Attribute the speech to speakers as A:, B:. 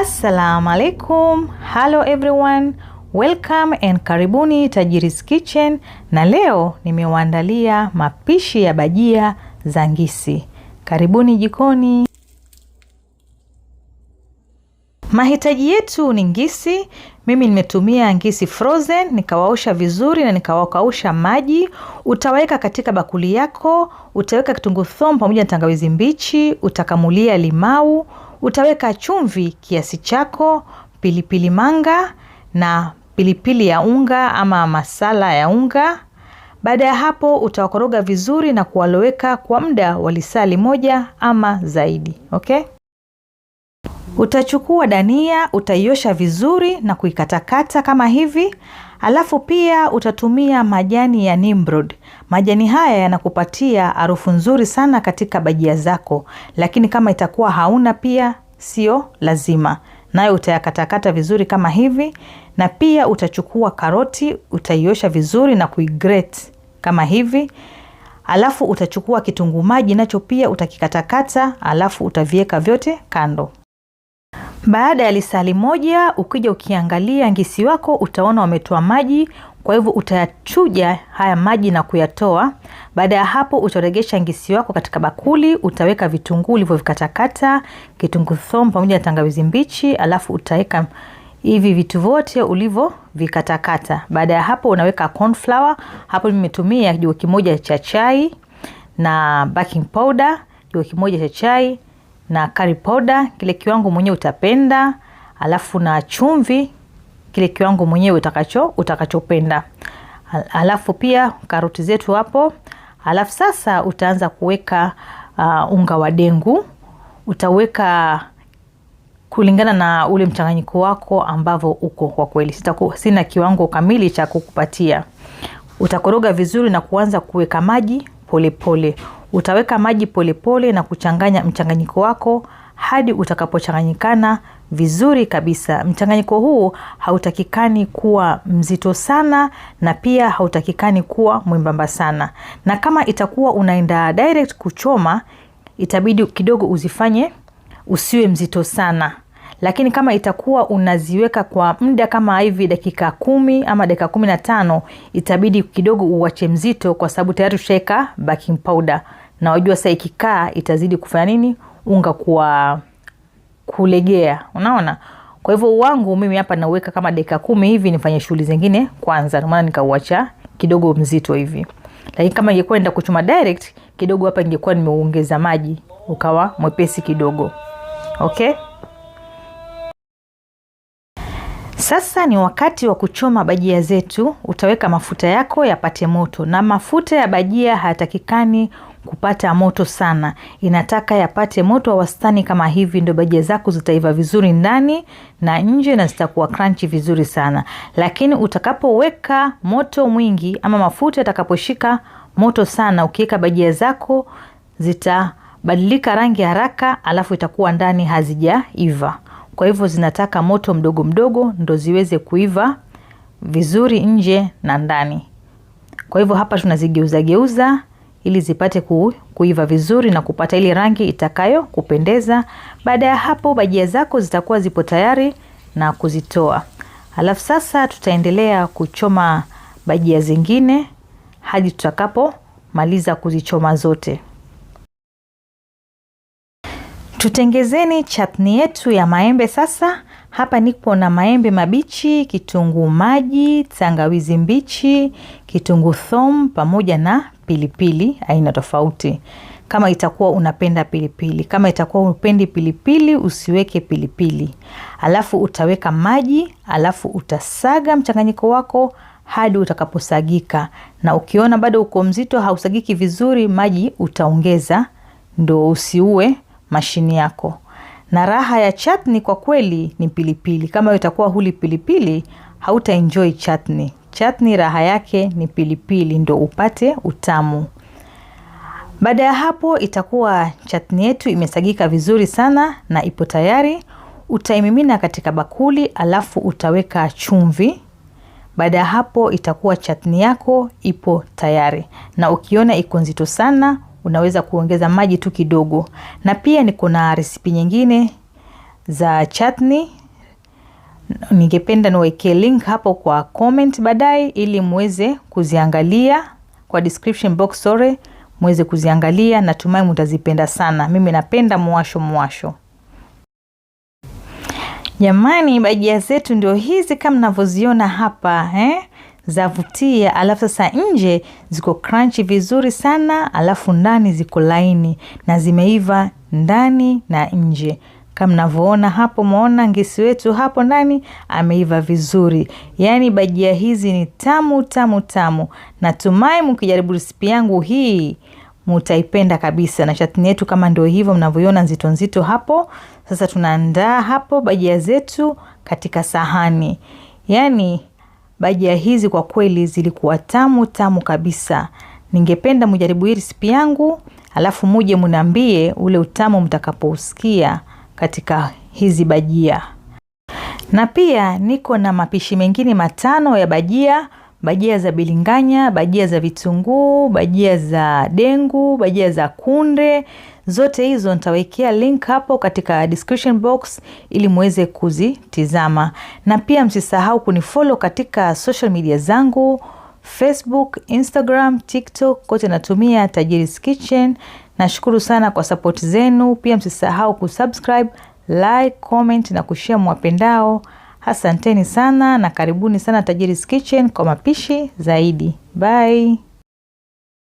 A: Assalamu alaikum, hello everyone, welcome and karibuni Tajiri's Kitchen. Na leo nimewaandalia mapishi ya bajia za ngisi. Karibuni jikoni. Mahitaji yetu ni ngisi. Mimi nimetumia ngisi frozen, nikawaosha vizuri na nikawakausha maji. Utaweka katika bakuli yako, utaweka kitunguthom thomu pamoja na tangawizi mbichi, utakamulia limau, utaweka chumvi kiasi chako, pilipili manga na pilipili ya unga ama masala ya unga. Baada ya hapo utawakoroga vizuri na kuwaloweka kwa muda wa lisali moja ama zaidi. Okay? Utachukua dania, utaiosha vizuri na kuikatakata kama hivi, alafu pia utatumia majani ya Nimrod. Majani haya yanakupatia harufu nzuri sana katika bajia zako, lakini kama itakuwa hauna pia sio lazima, nayo utayakatakata vizuri kama hivi. Na pia utachukua karoti, utaiosha vizuri na kuigrate kama hivi alafu utachukua kitunguu maji nacho pia utakikatakata, alafu utaviweka vyote kando. Baada ya lisali moja, ukija ukiangalia ngisi wako utaona wametoa maji, kwa hivyo utayachuja haya maji na kuyatoa. Baada ya hapo, utaregesha ngisi wako katika bakuli, utaweka vitunguu ulivyokatakata, kitunguu thomu pamoja na tangawizi mbichi, alafu utaweka hivi vitu vyote ulivovikatakata. Baada ya hapo, unaweka corn flour. Hapo nimetumia kijiko kimoja cha chai na baking powder kijiko kimoja cha chai na curry powder kile kiwango mwenyewe utapenda, alafu na chumvi kile kiwango mwenyewe utakacho utakachopenda, alafu pia karoti zetu hapo. Alafu sasa utaanza kuweka uh, unga wa dengu utaweka kulingana na ule mchanganyiko wako ambavyo uko. Kwa kweli sina kiwango kamili cha kukupatia. Utakoroga vizuri na kuanza kuweka maji polepole pole. Utaweka maji polepole pole na kuchanganya mchanganyiko wako hadi utakapochanganyikana vizuri kabisa. Mchanganyiko huu hautakikani kuwa mzito sana na pia hautakikani kuwa mwembamba sana, na kama itakuwa unaenda direct kuchoma, itabidi kidogo uzifanye usiwe mzito sana lakini kama itakuwa unaziweka kwa muda kama hivi dakika kumi ama dakika kumi na tano itabidi kidogo uwache mzito, kwa sababu tayari ushaweka baking powder na wajua sasa ikikaa itazidi kufanya nini, unga kuwa kulegea, unaona. Kwa hivyo wangu mimi hapa nauweka kama dakika kumi hivi nifanye shughuli zingine kwanza, ndio maana nikauacha kidogo mzito hivi, lakini kama ingekuwa nenda kuchuma direct kidogo hapa, ingekuwa nimeongeza maji ukawa mwepesi kidogo, okay. Sasa ni wakati wa kuchoma bajia zetu. Utaweka mafuta yako yapate moto, na mafuta ya bajia hayatakikani kupata moto sana, inataka yapate moto wa wastani kama hivi, ndo bajia zako zitaiva vizuri ndani na nje, na zitakuwa kranchi vizuri sana. Lakini utakapoweka moto mwingi ama mafuta yatakaposhika moto sana, ukiweka bajia zako zitabadilika rangi haraka, alafu itakuwa ndani hazijaiva. Kwa hivyo zinataka moto mdogo mdogo ndo ziweze kuiva vizuri nje na ndani. Kwa hivyo hapa tunazigeuza geuza ili zipate ku, kuiva vizuri na kupata ile rangi itakayo kupendeza. Baada ya hapo, bajia zako zitakuwa zipo tayari na kuzitoa. Alafu sasa tutaendelea kuchoma bajia zingine hadi tutakapomaliza kuzichoma zote. Tutengezeni chatni yetu ya maembe sasa. Hapa nipo na maembe mabichi, kitunguu maji, tangawizi mbichi, kitunguu thom pamoja na pilipili aina tofauti. Kama itakuwa unapenda pilipili, kama itakuwa upendi pilipili usiweke pilipili. Alafu utaweka maji, alafu utasaga mchanganyiko wako hadi utakaposagika, na ukiona bado uko mzito hausagiki vizuri, maji utaongeza, ndo usiue mashini yako. Na raha ya chatni kwa kweli ni pilipili. Kama utakuwa huli pilipili, hauta enjoy chatni. Chatni raha yake ni pilipili, ndo upate utamu. Baada ya hapo, itakuwa chatni yetu imesagika vizuri sana na ipo tayari. Utaimimina katika bakuli, alafu utaweka chumvi. Baada ya hapo, itakuwa chatni yako ipo tayari, na ukiona iko nzito sana unaweza kuongeza maji tu kidogo, na pia niko na resipi nyingine za chatni ningependa niwekee link hapo kwa comment baadaye, ili muweze kuziangalia kwa description box, sorry, muweze kuziangalia. Natumai mtazipenda sana, mimi napenda mwasho mwasho. Jamani, bajia zetu ndio hizi kama mnavyoziona hapa eh? zavutia, alafu sasa nje ziko kranchi vizuri sana, alafu ndani ziko laini na zimeiva ndani na nje kama mnavyoona hapo, mwaona ngisi wetu hapo ndani ameiva vizuri. Yaani bajia hizi ni tamu tamu tamu. Natumai mkijaribu risipi yangu hii mutaipenda kabisa, na chatini yetu kama ndio hivyo mnavyoiona nzito nzito hapo. Sasa tunaandaa hapo bajia zetu katika sahani, yaani Bajia hizi kwa kweli zilikuwa tamu tamu kabisa. Ningependa mujaribu hii risipi yangu, alafu muje muniambie ule utamu mtakapousikia katika hizi bajia. Na pia niko na mapishi mengine matano ya bajia, bajia za bilinganya, bajia za vitunguu, bajia za dengu, bajia za kunde, Zote hizo nitawekea link hapo katika description box ili muweze kuzitizama, na pia msisahau kunifollow katika social media zangu Facebook, Instagram, TikTok, kote natumia Tajiri's Kitchen. Nashukuru sana kwa support zenu. Pia msisahau kusubscribe, like, comment na kushare mwapendao. Asanteni sana na karibuni sana Tajiri's Kitchen kwa mapishi zaidi. Bye.